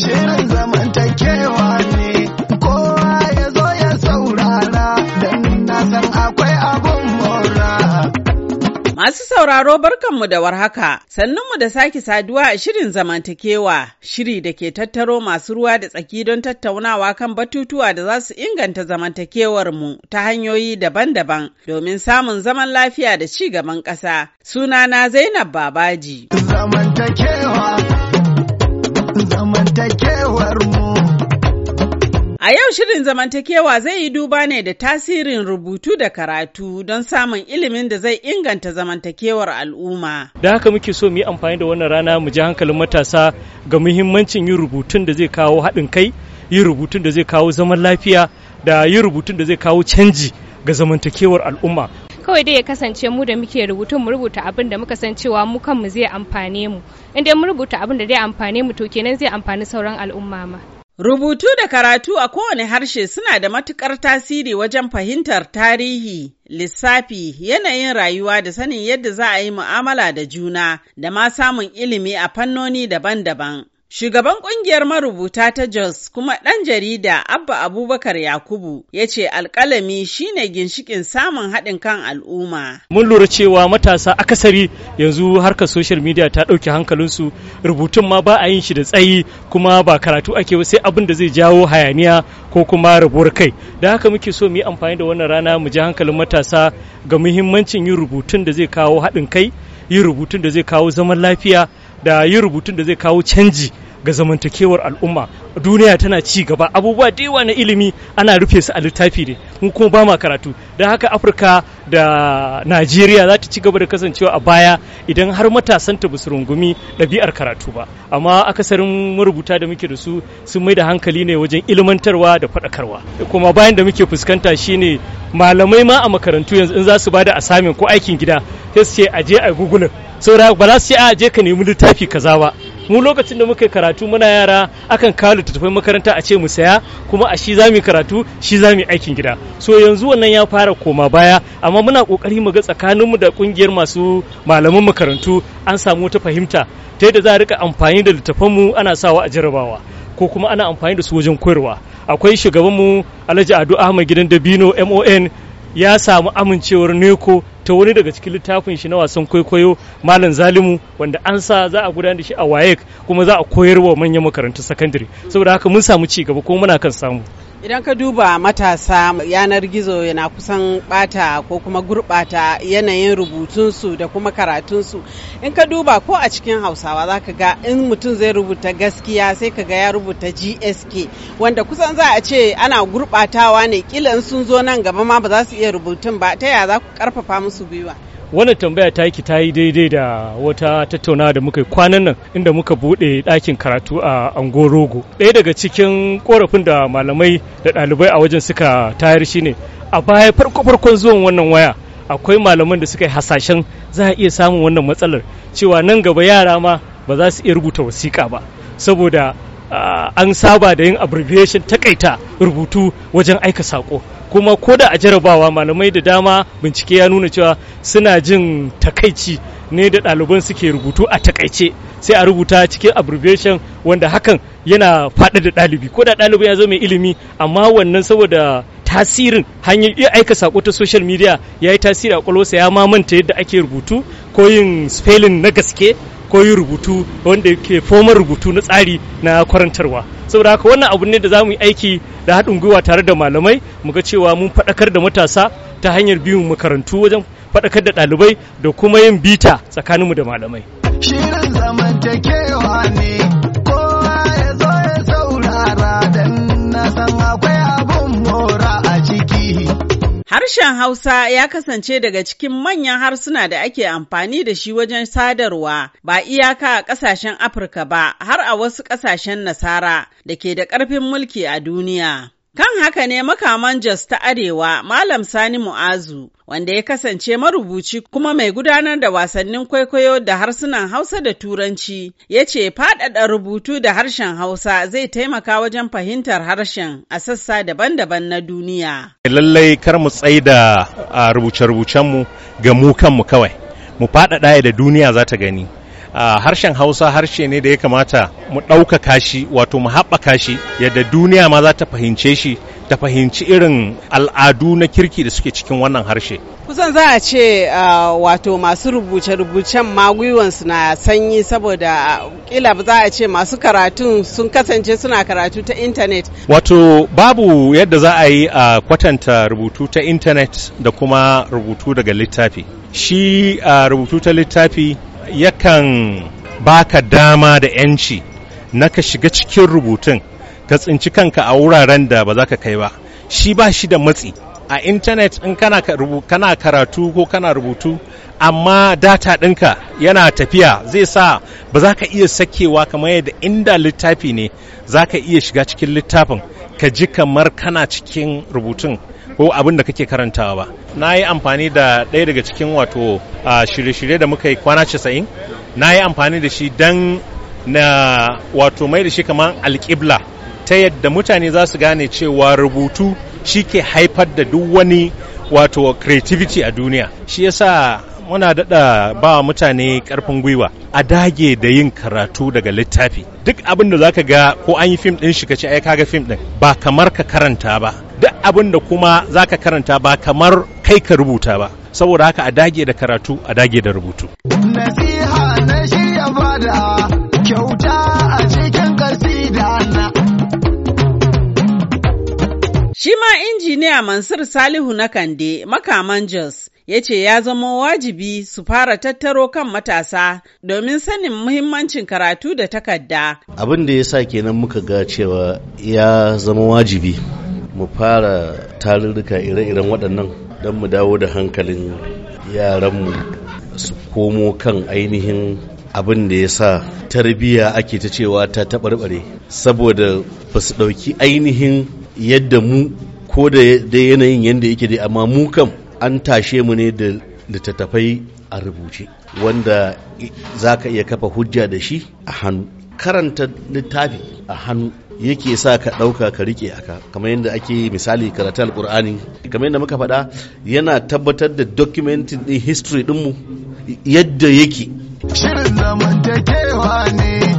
shirin zamantakewa ne kowa ya zo ya saurara don na san akwai abun mora. Masu sauraro barkanmu da warhaka, sannunmu da sake saduwa a shirin zamantakewa, shiri da ke tattaro masu ruwa da tsaki don tattaunawa kan batutuwa da za su inganta mu ta hanyoyi daban-daban domin samun zaman lafiya da ci gaban ƙasa. Sunana Zainab Babaji. Zamantakewa zamantakewar A yau shirin zamantakewa zai yi duba ne da tasirin rubutu da karatu don samun ilimin da zai inganta zamantakewar al'umma. Da haka muke so mu yi amfani da wannan rana mu ji hankalin matasa ga muhimmancin yin rubutun da zai kawo haɗin kai, yin rubutun da zai kawo zaman lafiya da yin rubutun da zai kawo canji ga zamantakewar al'umma kawai dai ya kasance mu da muke rubutu mu rubuta abin da muka san cewa mu kanmu zai amfane mu in dai mu rubuta abin da zai amfane mu to kenan zai amfani sauran al'umma ma Rubutu da karatu a kowane harshe suna da matukar tasiri wajen fahimtar tarihi, lissafi, yanayin rayuwa da sanin yadda za a yi mu'amala da juna da ma samun ilimi a fannoni daban-daban. Shugaban ƙungiyar marubuta ta Jos kuma ɗan jarida Abba Abubakar Yakubu ya ce alƙalami shine ginshikin samun haɗin kan al'umma. Mun lura cewa matasa akasari yanzu harkar social media ta ɗauki hankalinsu rubutun ma ba a yin shi da tsayi kuma ba karatu ake ba sai abin da zai jawo hayaniya ko kuma rabuwar kai. Da haka muke so mu yi amfani da wannan rana mu ji hankalin matasa ga muhimmancin yin rubutun da zai kawo haɗin kai, yin rubutun da zai kawo zaman lafiya, da yin rubutun da zai kawo canji ga zamantakewar al'umma duniya tana ci gaba abubuwa da yawa na ilimi ana rufe su a littafi ne mu kuma ba ma karatu don haka afirka da najeriya za ta ci gaba da kasancewa a baya idan har matasan ta basu rungumi ɗabi'ar karatu ba amma akasarin marubuta da muke da su sun mai da hankali ne wajen ilmantarwa da faɗakarwa kuma bayan da muke fuskanta shine malamai ma a makarantu yanzu in za su ba da asamin ko aikin gida sai su ce a je a gugulin saboda ba za su ce a je ka nemi littafi kaza ba mu lokacin da muka karatu muna yara akan kawo littattafai makaranta a ce mu saya kuma a shi zamu karatu shi zamu aikin gida so yanzu wannan ya fara koma baya amma muna kokari mu ga tsakaninmu da kungiyar masu malaman makarantu an samu wata fahimta ta yadda za a rika amfani da mu ana sawa a jarabawa ko kuma ana amfani da su wajen koyarwa akwai shugabanmu alhaji ado ahmad gidan dabino mon ya samu amincewar neko ta wani daga cikin littafin shi na wasan kwaikwayo malam zalimu wanda an sa za a gudanar da shi a wayek kuma za a koyar wa manyan makarantar sakandare saboda haka mun samu ci gaba kuma muna kan samu Idan ka duba matasa yanar gizo yana kusan bata ko kuma gurbata yanayin rubutunsu da kuma karatunsu. In ka duba ko a cikin Hausawa za ka ga in mutum zai rubuta gaskiya sai ka ga ya rubuta GSK wanda kusan za a ce ana gurbatawa ne kila in sun zo nan gaba ma ba za su iya rubutun ba ta ya za ku karfafa musu gwiwa. wannan tambaya ta yi ta yi daidai da wata tattauna da muka yi kwanan nan inda muka buɗe ɗakin karatu a angorogo ɗaya daga cikin korafin da malamai da ɗalibai a wajen suka tayar shine a baya farko farkon zuwan wannan waya akwai malaman da suka yi hasashen za a iya samun wannan matsalar cewa nan gaba yara ma ba za su iya rubuta wasiƙa ba saboda ah, an saba da yin abbreviation takaita rubutu wajen aika saƙo kuma ko da a jarabawa malamai da dama bincike ya nuna cewa suna jin takaici ne da ɗaliban suke rubutu a takaice sai a rubuta cikin abbreviation wanda hakan yana faɗa da ɗalibi ko da ɗalibi ya zo mai ilimi amma wannan saboda tasirin hanyar iya aika sako ta social media ya yi tasiri a kwalwarsa ya mamanta yadda ake rubutu ko yin spelling na gaske ko yin rubutu wanda ke fomar rubutu na tsari na kwarantarwa saboda haka wannan abu ne da za mu yi aiki da haɗin gwiwa tare da malamai ga cewa mun faɗakar da matasa ta hanyar biyun makarantu wajen faɗakar da ɗalibai da kuma yin bita tsakaninmu da malamai. Shirin zamantakewa ne ko Harshen Hausa ya kasance daga cikin manyan harsuna da ake amfani da shi wajen sadarwa ba iyaka a ƙasashen Afirka ba har a wasu ƙasashen Nasara da ke da ƙarfin mulki a duniya. Kan haka ne makaman Jos ta Arewa Malam Sani Mu'azu wanda ya kasance marubuci kuma mai gudanar da wasannin kwaikwayo da harsunan Hausa da Turanci ya ce faɗaɗa rubutu da harshen Hausa zai taimaka wajen fahimtar harshen a sassa daban-daban na duniya. Lallai kar mu tsaida rubuce-rubucenmu ga mu kanmu kawai, mu faɗaɗa da duniya za ta gani. harshen hausa harshe ne da ya kamata mu ɗaukaka shi wato mu haɓaka shi yadda duniya ma za ta fahimce shi ta fahimci irin al'adu na kirki da suke cikin wannan harshe kusan za a ce wato masu rubuce-rubucen ma gwiwansu na sanyi saboda kila za a ce masu karatun sun kasance suna karatu ta intanet wato babu yadda za a yi a kwatanta rubutu ta intanet da kuma rubutu daga littafi shi rubutu ta littafi yakan baka dama da 'yanci na ka shiga cikin rubutun ka tsinci kanka a wuraren da ba za ka kai ba shi ba shi da matsi a intanet in kana, kana karatu ko kana rubutu amma data ɗinka yana tafiya zai sa ba za ka iya sakewa kamar yadda inda littafi ne za ka iya shiga cikin littafin ka ji kamar kana cikin rubutun ko abin da kake karantawa ba na yi amfani da ɗaya daga cikin wato shirye-shirye da muka yi kwana casa'in na yi amfani da shi don na wato mai da shi kamar alƙibla ta yadda mutane za su gane cewa rubutu shi ke haifar da duk wani wato creativity a duniya shi yasa muna daɗa ba mutane ƙarfin gwiwa a dage da yin karatu daga littafi duk abin da za ka ga ko an yi fim ɗin shi ka ce ai kaga fim ɗin ba kamar ka karanta ba abin da kuma za ka karanta ba kamar kai ka rubuta ba saboda haka a dage da karatu a dage da rubutu nasiha na Shi ma injiniya Mansur Salihu na Kande makaman Jos ya ce ya zama wajibi su fara tattaro kan matasa domin sanin muhimmancin karatu da takarda. Abin da ya sa kenan muka ga cewa ya zama wajibi mu fara tarurruka ire-iren waɗannan don mu dawo da hankalin yaranmu su komo kan ainihin abin da ya sa tarbiyya ake ta cewa ta taɓarɓare saboda ba su ɗauki ainihin yadda mu ko da yanayin yadda yake dai amma mu kam an tashe mu ne da littattafai a rubuce wanda za ka iya kafa hujja da shi a hannu karanta littafi a hannu yake sa ka ɗauka ka riƙe aka kamar yadda ake misali karatu alƙur'ani kamar yadda muka faɗa yana tabbatar da dokumentin ɗin history ɗinmu yadda yake shirin zamantakewa ne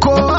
kowa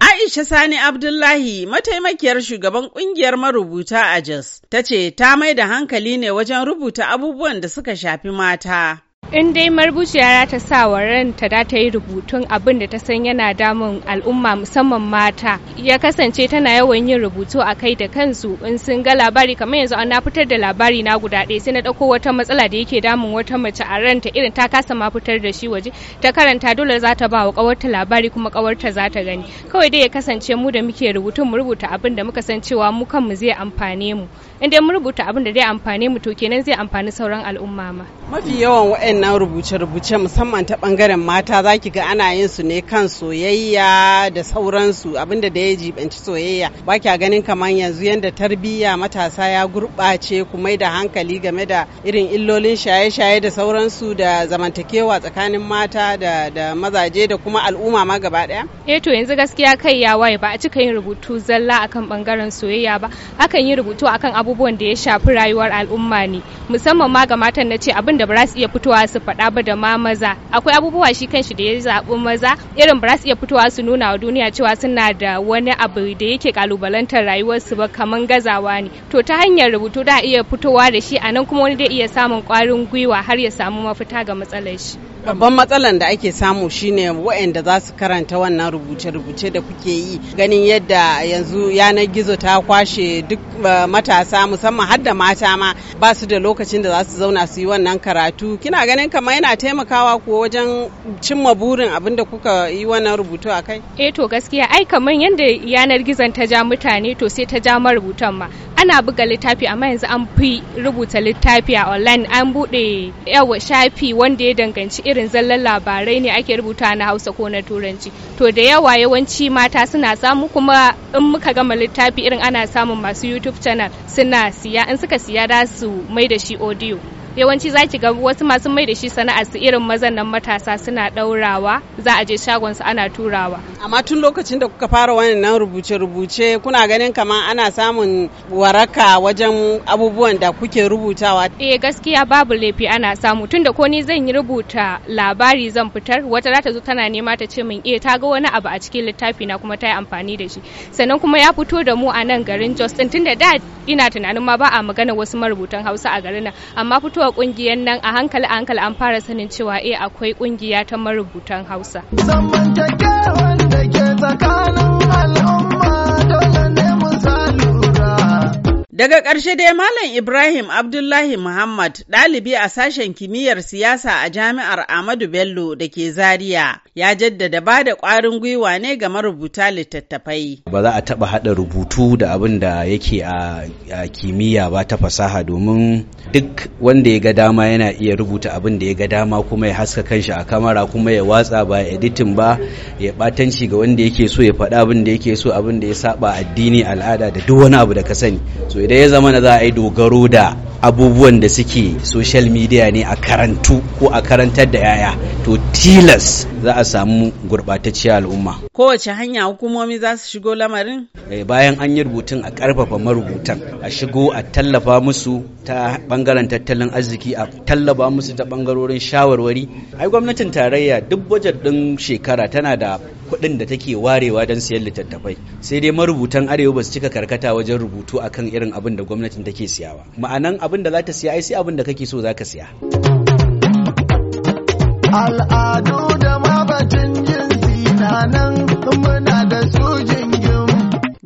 Aisha Sani Abdullahi mataimakiyar shugaban kungiyar marubuta a Jos ta ce ta mai da hankali ne wajen rubuta abubuwan da suka shafi mata in dai marubuciya ta sa wa ranta da ta yi rubutun abin da ta san yana damun al'umma musamman mata ya kasance tana yawan yin rubutu a kai da kansu in sun ga labari kamar yanzu na fitar da labari na guda ɗaya sai na ɗauko wata matsala da yake damun wata mace a ranta irin ta kasa ma fitar da shi waje ta karanta dole za ta ba wa ƙawarta labari kuma ƙawarta za ta gani kawai dai ya kasance mu da muke rubutun mu rubuta abin da muka san cewa mu kanmu zai amfane mu in dai mun rubuta abin da zai amfane mu to kenan zai amfani sauran al'umma ma mafi yawan waɗannan rubuce-rubuce musamman ta bangaren mata za ki ga ana yin su ne kan soyayya da sauransu abin da ya jibanci soyayya ba kya ganin kamar yanzu yadda tarbiyya matasa ya gurɓace ku mai da hankali game da irin illolin shaye-shaye da sauransu da zamantakewa tsakanin mata da, da mazaje da kuma al'umma ma gaba ɗaya eh to yanzu gaskiya kai ya waye ba a cika yin rubutu zalla akan bangaren soyayya ba akan yi rubutu akan abu abubuwan da ya shafi rayuwar al'umma ne musamman ma ga matan na ce abin da ba su iya fitowa su faɗa ba da ma maza akwai abubuwa shi kanshi da ya zaɓi maza irin ba su iya fitowa su nuna wa duniya cewa suna da wani abu da yake kalubalantar rayuwarsu ba kamar gazawa ne to ta hanyar rubutu da iya fitowa da shi a nan kuma wani zai iya samun ƙwarin gwiwa har ya samu mafita ga matsalar shi Babban matsalar da ake samu shine waɗanda za su karanta wannan rubuce-rubuce da kuke yi ganin yadda yanzu yanar gizo ta kwashe duk eh, matasa musamman har da mata ma ba su da lokacin da za su zauna su yi wannan karatu. Kina ganin kamar yana taimakawa kuwa wajen cimma burin abin da kuka yi wannan rubutu a kai? Eh to gaskiya ai kamar yadda yanar gizon ta ja mutane to sai ta ja marubutan ma. ana buga littafi amma yanzu an fi rubuta littafi a online an bude yawa shafi wanda ya danganci irin zallan labarai ne ake rubuta na hausa ko na turanci to da yawa yawanci mata suna samu kuma in muka gama littafi irin ana samun masu youtube channel suna siya in suka siya za su mai da shi audio yawanci za ki ga wasu masu mai da shi sana'a su irin mazan nan matasa suna ɗaurawa za a je shagon su ana turawa amma tun lokacin da kuka fara wannan rubuce rubuce kuna ganin kamar ana samun waraka wajen abubuwan da kuke rubutawa eh gaskiya babu laifi ana samu tunda ko ni zan yi rubuta labari zan fitar wata za ta zo tana nema ta ce min eh ta ga wani abu a cikin littafi na kuma ta yi amfani da shi sannan kuma ya fito da mu a nan garin Jos tunda da ina tunanin ma ba a magana wasu marubutan Hausa a garin nan amma fitowa zuwa kungiyar nan a hankali a hankali an fara sanin cewa eh akwai kungiya ta marubutan Hausa. Zamantakewan da ke tsakanin al'umma Daga ƙarshe dai Malam Ibrahim Abdullahi Muhammad ɗalibi a sashen kimiyyar siyasa a jami'ar Ahmadu Bello da ke Zaria ya jaddada ba da ƙwarin gwiwa ne ga marubuta littattafai. Ba za a taɓa haɗa rubutu da abin da yake a, kimiyya ba ta fasaha domin duk wanda ya ga dama yana iya rubuta abin da ya ga dama kuma ya haska kanshi a kamara kuma ya watsa ba ya editin ba ya ɓatanci ga wanda yake so ya faɗa abin da yake so abin da ya saba addini al'ada da duk wani abu da ka sani. Da ya zama na za a yi dogaro da abubuwan da suke social media ne a karantu ko a karantar da yaya to tilas za a samu gurɓatacciyar al'umma kowace hanya hukumomi za su shigo lamarin eh, bayan an yi rubutun a ƙarfafa marubutan a shigo a tallafa musu ta bangaren tattalin arziki a tallafa musu ta ɓangarorin shawarwari ai gwamnatin tarayya duk bajet ɗin shekara tana da kuɗin da take warewa don siyan littattafai sai dai marubutan arewa ba su cika karkata wajen rubutu akan irin abin da gwamnatin take siyawa ma'anan abin da za ta siya ai sai abin da kake so za ka siya al'adu da mabatin jinsi na nan muna da sojin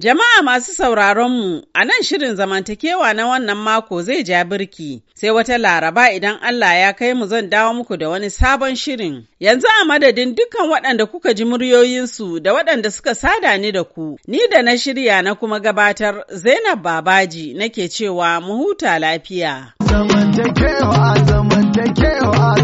Jama'a masu sauraronmu, a nan shirin zamantakewa na wannan mako zai ja birki, sai wata laraba idan Allah ya kai mu zan dawo muku da wani sabon shirin. Yanzu a madadin dukkan waɗanda kuka ji muryoyinsu da waɗanda suka sada ni da ku, ni da na shirya na kuma gabatar Zainab Babaji nake cewa mu huta lafiya. Zamantakewa, zamantakewa.